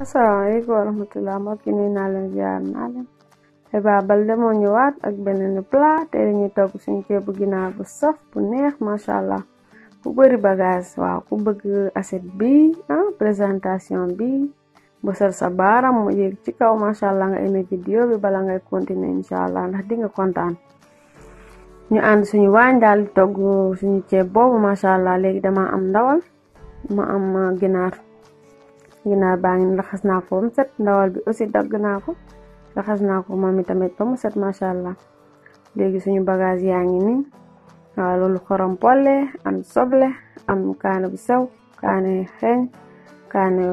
Assalamualaikum warahmatullahi wabarakatuh. Kini nalen jaar nalen. Heba balde moo ñëwaat ak benen plat te dañuy togg suñu ceebu ginaar bu saf bu neex macha allah ku bëri bagage waaw ku bëgg bi ah présentation bi bësal sa baaram mu yéeg ci kaw macha allah nga aimé vidéo bi bala ngay continuer incha allah ndax di nga kontaan ñu ànd suñu waañ daal di togg suñu ceeb boobu macha allah dama am ma am ginaaw bangi raxas naa ko set ndawal bi aussi dag naa ko raxas naa ko moom itamit ba mu set macha allah léegi suñu bagage yaangi ni wa lolu xorom polle am soble am kaane bu sew kaane xeeñ kaane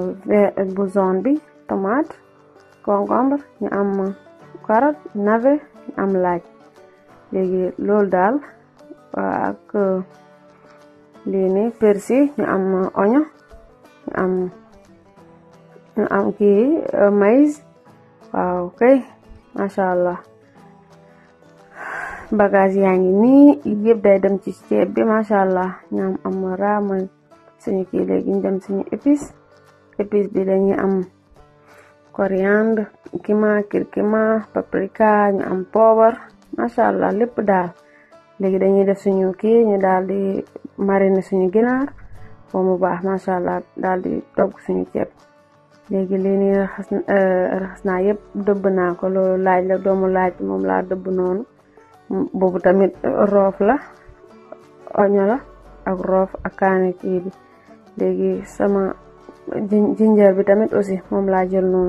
bu zone bi tomate concombre ñu am carotte nave am laaj legi lolu dal ak lini persi ñu am oignon ñu am gay mas wow oke eh, ah, okay. masya Allah bagasi yang ini iye bedem cici ebe masya Allah nyam amara mai sunyi kile gindam sunyi epis epis bilanya am koriander kima kirkima paprika nyam power masha Allah lépp daal léegi dañuy def suñu kii ñu daal di mariner suñu ginaar ba mu baax Allah di togg suñu léegi lii nii raxas e, raxas naa yëpp dëbb na ko loolu laaj la doomu laaj mom la dëbb non bobu tamit roof la oño la ak roof ak kané ci bi légui sama ginger bi tamit aussi mom la jël non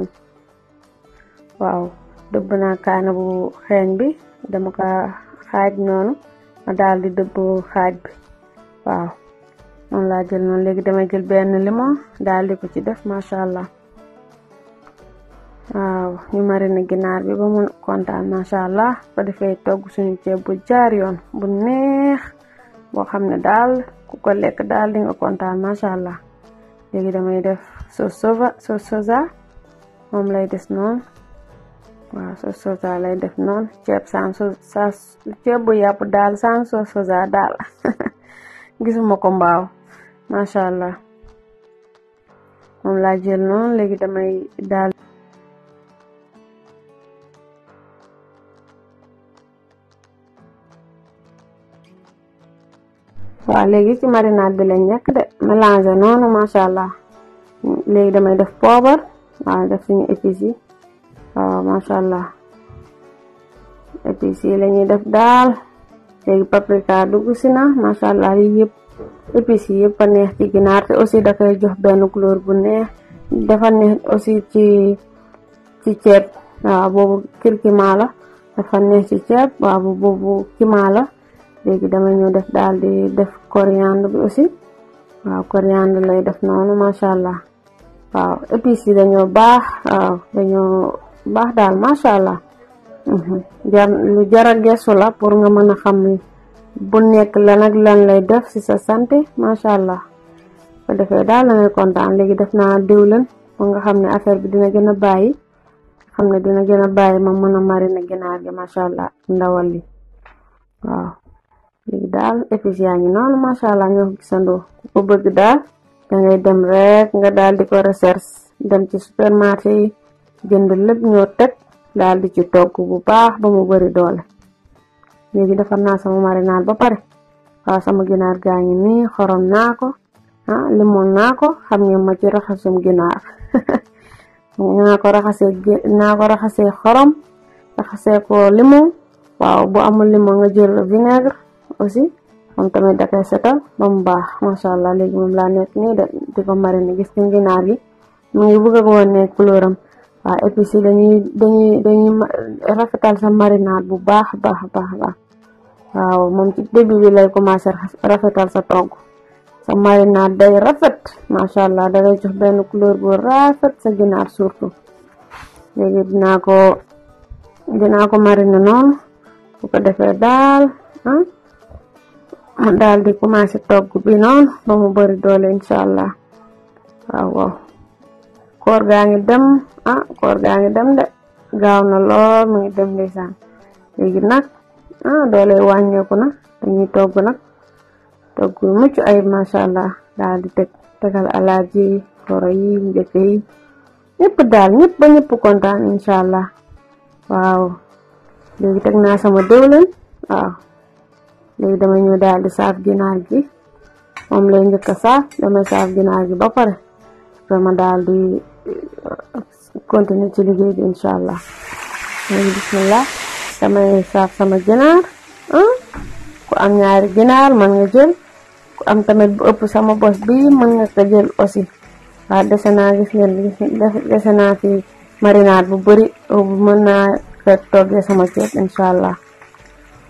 waaw dëbb na kané bu xeeñ bi dama ka xaj non ma dal di dëbb xaj bi waaw mom la jël non légui dama jël ben limon dal di ko ci def machallah waaw ñu mariner ginaar bi ba mu kontaan macha allah ba defee togg suñu ceeb bu jaar yoon bu neex boo xam ne daal ku ko lekk daal di kontaan macha allah léegi damay def sauce soja sauce soja moom lay des noonu waaw sauce soja lay def noonu ceeb sans sauce ceeb bu yàpp daal sans sauce soja daal gisuma ko mbaaw macha allah moom laa jël noonu léegi damay daal. wa legui ci marinade bi lañ nekk de mélanger ma sha allah legui damay def poivre wa def suñu épices yi ma sha allah épices yi la def dal legui paprika dugg si na macha allah li yépp épices yi yëpp neex ci ginaar té aussi da koy jox ben couleur bu neex dafa neex aussi ci ci ciép wa bobu kirkima la dafa neex ci ciép wa bobu kima la léegi dama ñu def dal di def coriandre bi aussi waaw coriandre lay def nonu machallah waaw épices dañu bax waaw dañu bax dal machallah allah mhm. jar lu jara gestu la pour nga mën xam bu nek la nak lan lay def ci sa santé machallah allah ko defee la ngay contane léegi def naa diwlen ba nga affaire bi dina gëna bayyi bàyyi dina gëna bayyi ma mën mariner gi machallah ndawal li waaw léegi efisi eh, effigie yaa ngi noonu macha allah ñoo ko gisandoo bëgg da ngay dem rek nga dal di ko recherche dem ci supermarché jënd lepp ñoo tek dal di ci togg bu baax ba mu bari doole léegi defal na sama marinade ba pare wa sama ginar gañi ni xorom nako ha limon nako xam nga ma ci raxasum ginar nga ko raxase na ko raxase xorom raxase ko limon waaw bu amul limon nga jël vinaigre apa sih untuk meda keseta lomba masalah lagi memplanet ni dan di kemarin lagi setinggi nari mengibu ke kawan keluaran a ah, episi dani dani rafetal era fetal bu arbu bah bah bah bah aw ah, mumkin de bi lai ko masar era fetal satong samarin ada rafet da daga juh ben kulur bu rafet seginar surtu jadi dinako dinako marinono buka de dal, ha ah? di dal togg bi non pumasok to gubinon dole inshallah korga dem ah korga da ngi dem mangidam desa nak ah dole wanyo kuna togg nak togg mu ci ay mashallah dal di tek tegal alaji koroyi jekei ñepp dal ñepp ba ñepp kontaan inshallah waaw legi tek na sama dewlen waaw leg dama ñu dal di saaf ginaar gi mom lay ñëk saaf dama saaf ginaar gi ba paré dama dal di uh, continue ci liggéey bi inshallah allah bismillah dama saaf sama ginaar hein ah. ku am ñaar ginaar man nga jël ku am tamit bu ëpp sama bos bi man nga ko jël aussi wa dese naa gis ngeen dese naa fi marinade bu bari bu mëna ko toggee sama ceeb inshallah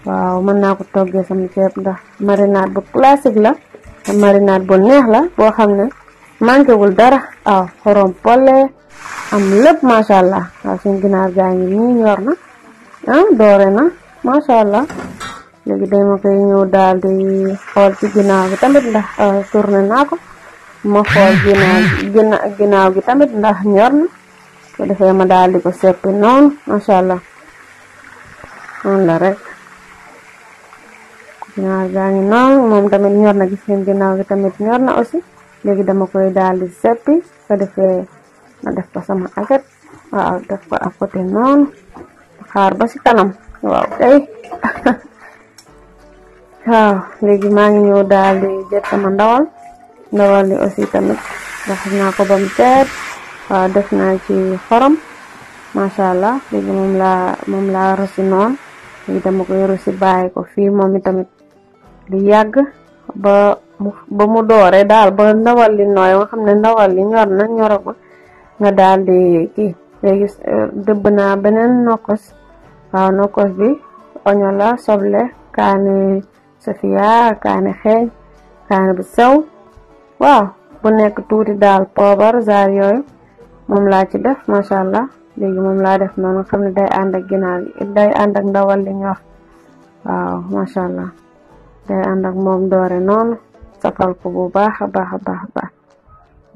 waaw mën naa ko toggee sama ceeb ndax marinade bu classique la te bu neex la boo xam ne manqué wul dara waaw xorom pole am lépp macha allah waaw suñ ginaar gaa ngi nii ñor na ah doore na macha allah léegi dama koy ñëw daal di xool ci ginnaaw gi tamit ndax ah, tourné naa ko ma xool ginnaaw ginnaaw ginnaaw gi tamit ndax ñor na ko defee ma daal di ko seppi noonu macha allah noonu la rek ginaar gaa ngi moom tamit ñor na gis ngeen ginnaaw gi tamit ñor na aussi léegi dama koy daal di seppi ko defee ma def ko sama agat waaw def ko à côté noonu xaar ba si kanam waaw kay waaw léegi maa ngi ñëw daal di jël sama ndawal ndawal li aussi tamit raxas naa ko ba mu waaw def naa ci xorom macha allah léegi moom laa moom laa rosi noonu léegi dama koy rosi bàyyi ko fii moom itamit di yàgg ba mu ba mu doore daal ba ndawal li nooy nga xam ne ndawal li ñor na ñoragul nga daal di kii léegi euh, dëbb naa beneen nokkos waaw nokkos bi oño la soble kaani sofia kaani xeeñ kaani bu sew waaw bu nekk tuuti daal poobar zaar yooyu moom laa ci def macha allah léegi moom laa def noonu nga xam ne day ànd ak ginaar day ànd ak ndawal li ñor waaw macha allah day andag mom doore non safal ko bu baakha baakha baakha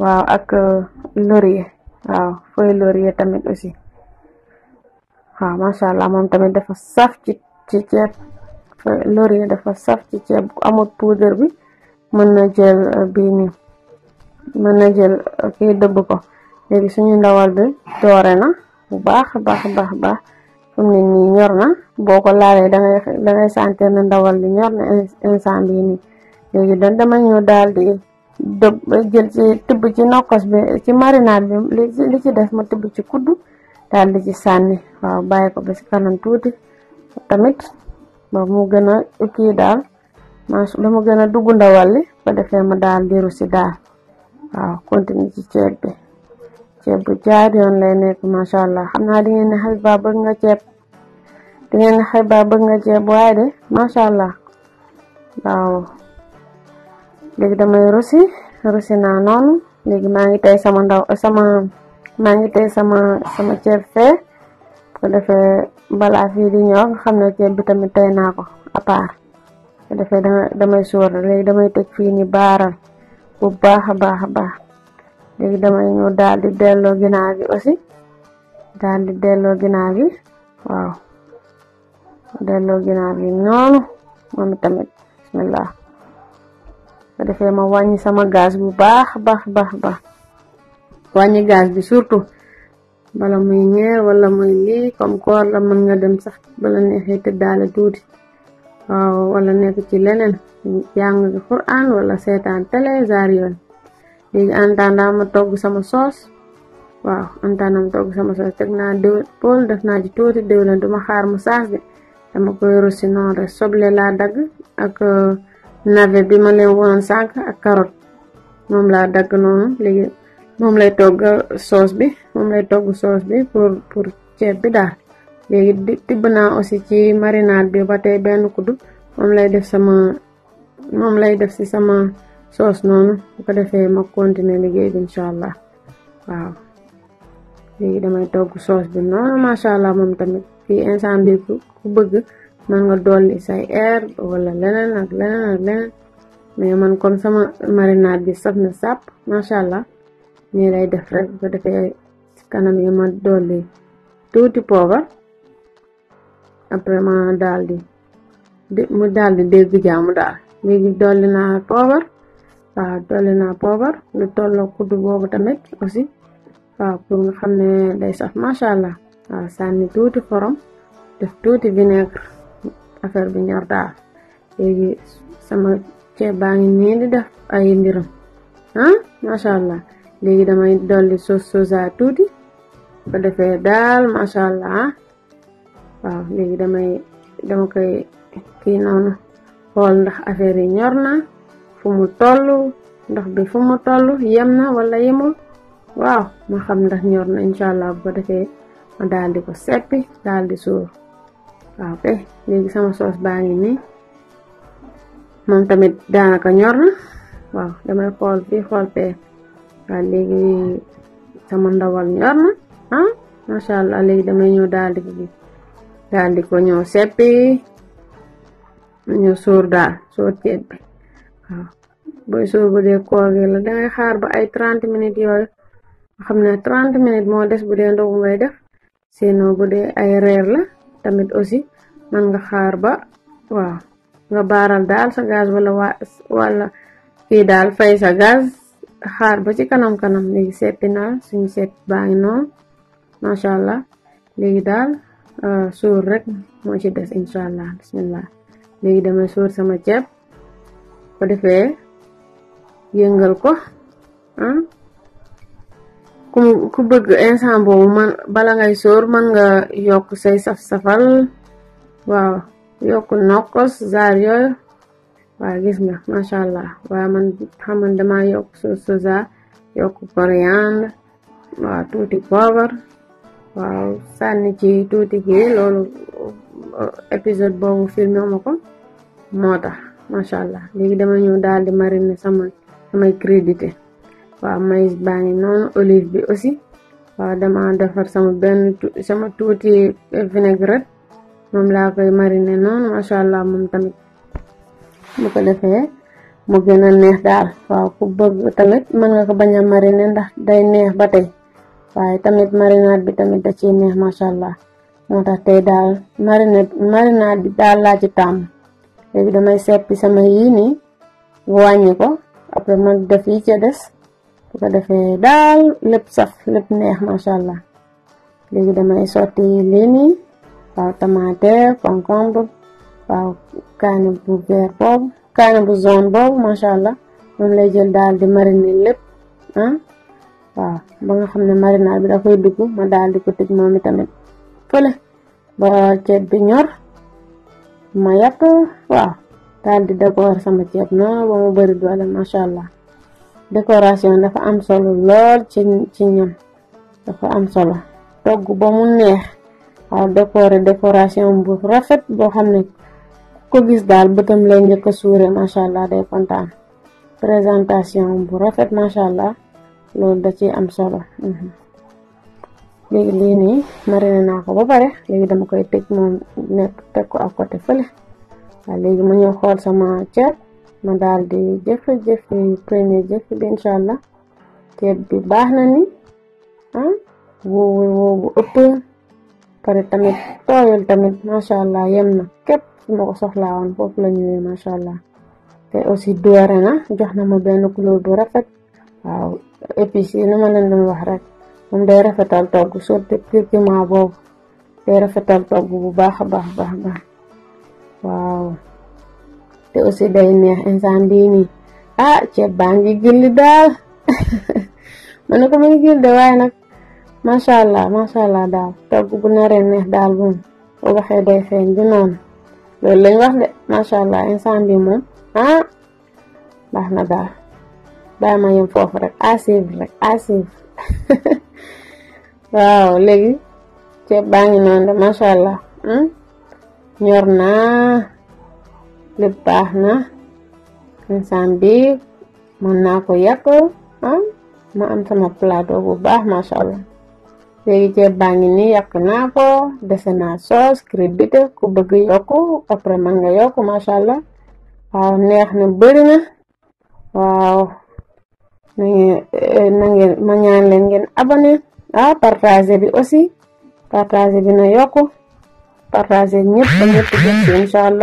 waaw ak laurier waaw foy laurier ya tamit aussi ha ma sha allah mom tamit dafa saf ci ci ceeb laurier ya dafa saf ci ceeb ku amul poudre bi man na jël e, bi ni man na jël e, kii deub ko legi suñu ndawal bi doore na ah. bu baakha baakha baakha fum ni nii ñor na boo ko da ngay da ngay santé na ndawal li ñor na instant bi ni léegi dañ dama ñu daal di dëb jël ci tibb ci nokkos bi ci marinade bi li ci def ma tibb ci kuddu daal di ci sanni waaw baye ko ba ci kanam tuti tamit ba mu gëna a kii daal mas ba mu gën a ndawal li ba defé ma daal diru si daal waaw continue ci ceeb bi ceeb bu jaar yon lay ma sha allah xamna di ngeen ne ba bëgg nga ceeb di ngeen ne ba bëgg nga ceeb way de sha allah waaw legi damay rosi rosi na non legi ma ngi tay sama ndaw eh, sama ma ngi tay sama sama ceeb fe ko defé bala fi di ñoo xamna xam bi tamit tay naa ko à part bu ko defee damay suur legi damay tek fi ni baaral bu baakha baakha baax legi dama ñu dal di delo ginnaaw bi aussi dal di delo ginnaaw bi waaw delo ginnaaw bi noonu moom tamit bismillah da defé ma wañi sama gaz bu baax baax baax baax wañi gaz bi surtout bala muy ñe wala muy li comme ko la mën nga dem sax bala nexé te dalé tuuti waaw wala nekk ci leneen jàng Quran wala setan télé zaar yoon Ding antana matog sama sos. Wow, antana matog sama sos tek na de pol def na ji tuuti dew na duma xaar har saas de dama koy russi noonu rek soble laa dagg ak navet bi ma leen wonoon sànq ak carotte moom laa dagg noonu léegi moom sauce bi moom lay togg sauce bi Pur pour da, bi daal léegi na naa aussi chi marinade bi ba tey benn kudu, mom lay def sama mom lay def si sama soos noonu bu ko defee ma continuer liggéey bi incha allah waaw léegi damay togg soos bi noonu macha allah moom tamit fii instant bi ku bëgg man nga dolli say air walla leneen ak leneen ak leneen mais man comme sama marinade bi saf na sàpp macha allah nii lay def rek bu ko defee si kanam yi ma dolli tuuti poobar après ma daal mu daal di dégg jaamu daal léegi dolli naa poobar dolli naa poobar lu tolloo kuddu boobu tamit aussi waaw ah, pour nga xam ne day saf macha allah waaw ah, sànni tuuti xorom def tuuti vinaigre affaire bi ñor daal léegi sama ceeb baa ngi nii di def ay mbiram ah macha allah léegi damay dolli sos sosa tuuti ko defee daal macha allah waaw léegi damay dama koy kii noonu xool ndax affaire yi ñor fumu tollu toll ndox bi fumu tollu yemna wala yemul waaw ma xam ndax ñor na inshallah bu ko ma daldi ko seppi daldi di waaw kay eh, legi sama soos baangi ni mom tamit daanaka ñor na waaw dama xol fii xol pe ba legi sama ndawal ñor na ah macha allah léegi damay ñëw daal di ko daal ko seppi ñëw sur da sur ceeb booy sóor bu de ko gi la dangay xaar ba ay 30 minutes yoy xamna 30 minutes mo dess bu de ndox ngay def sinon bu de ay rer la tamit aussi man nga xaar ba wa nga baral dal sa gaz wala wala fi dal fay sa gaz xaar ba ci kanam-kanam ni seppi na suñu set baa ngi noonu macha allah léegi daal euh, suur rek mo ci dess inshallah bismillah legi dama suur sama ceeb ko defee yëngal ko ah ku ku bëgg instant boobu man bala ngay sóor mën nga yokk say saf-safal waaw yokk nokkos zaar yooyu waaw gis nga macha allah waaye man dama yokk sauce soja yokk coriandre waaw tuuti poivre waaw sànni ci tuuti kii loolu épisode boobu filmé ma ko moo Masyaallah, legui dama ñëw dal di mariner sama sama crédité eh. wa maïs baa non olive bi aussi wa dama defar sama ben sama touti vinaigre mom la koy mariner non macha mom tamit bu ko defé mu gëna neex dal wa ku bëgg tamit mën nga ko baña a mariner ndax day neex ba tey tamit marinade bi tamit da ci neex macha allah tay tax marinade marinade bi dal laa ci tam एकदमै सेफ्टीसँग ini voanya ko après nag def yi ca des bu ko defee daal lépp saf lépp neex macha allah léegi damay sotti lii nii waaw tamaate concombre waaw kaane bu vert boobu bu zone boobu macha allah moom lay jël daal di mariner lépp ah waaw ah, ba nga xam ne marinade bi da koy dugg ma daal di ko tëj moom itamit fële ba ceeb bi ñor Maya tuh wah tadi dekor sama no mau berdua dan masya Allah dekorasi yang dapat amsolullah cinyam dapat amsolah togu bamuneh ya. Dekor dekorasi yang bu rafet bo xamne ko gis dal beutam lay ñëk souré ma sha Allah day content présentation bu rafet ma sha Allah lolou da ci am solo mm -hmm léegi li ni marine nako ba pare léegi dama koy tek moom nek teg ko ak côté fële wa léegi ma ñew xol sama ceeb ma dal di jëf-jëf ni premier jëf bi inshallah allah bi baax na ni ah, wo wo wo upp pare tamit tooyal tamit macha allah yem na képp fu ma ko soxlaa woon foofu la ñëwee macha allah te aussi doore na jox na ma benn couleur bu rafet waaw épices yi na ma leen doon wax rek moom day rafetal togg surtout curcuma boobu day rafetal togg bu baax a baax baax baax waaw te aussi day neex instant bii nii ah ceeb baa ngi gilli daal ma ne ko mu ngi gilli de waaye nag macha allah daal togg bu naree neex daal moom bu waxee day feeñ di noonu loolu lañ wax de macha allah instant bii moom ah baax na daal bàyyi ma yem foofu rek à rek à waaw léegi ceeb baa ngi noonu de macha allah hmm? ñor na lépp baax na insaan bi mën naa ah, ma am sama plateau bu baax macha allah léegi ceeb baa ngi nii yàq naa ko dese naa soos crib bi ku bëgg yokku après man nga yokku macha allah neex na bëri na waaw eh, na ngeen ma ñaan leen ngeen abonné ah partager bi aussi partager bi na yokku partager ñëpp ba ñëpp jot allah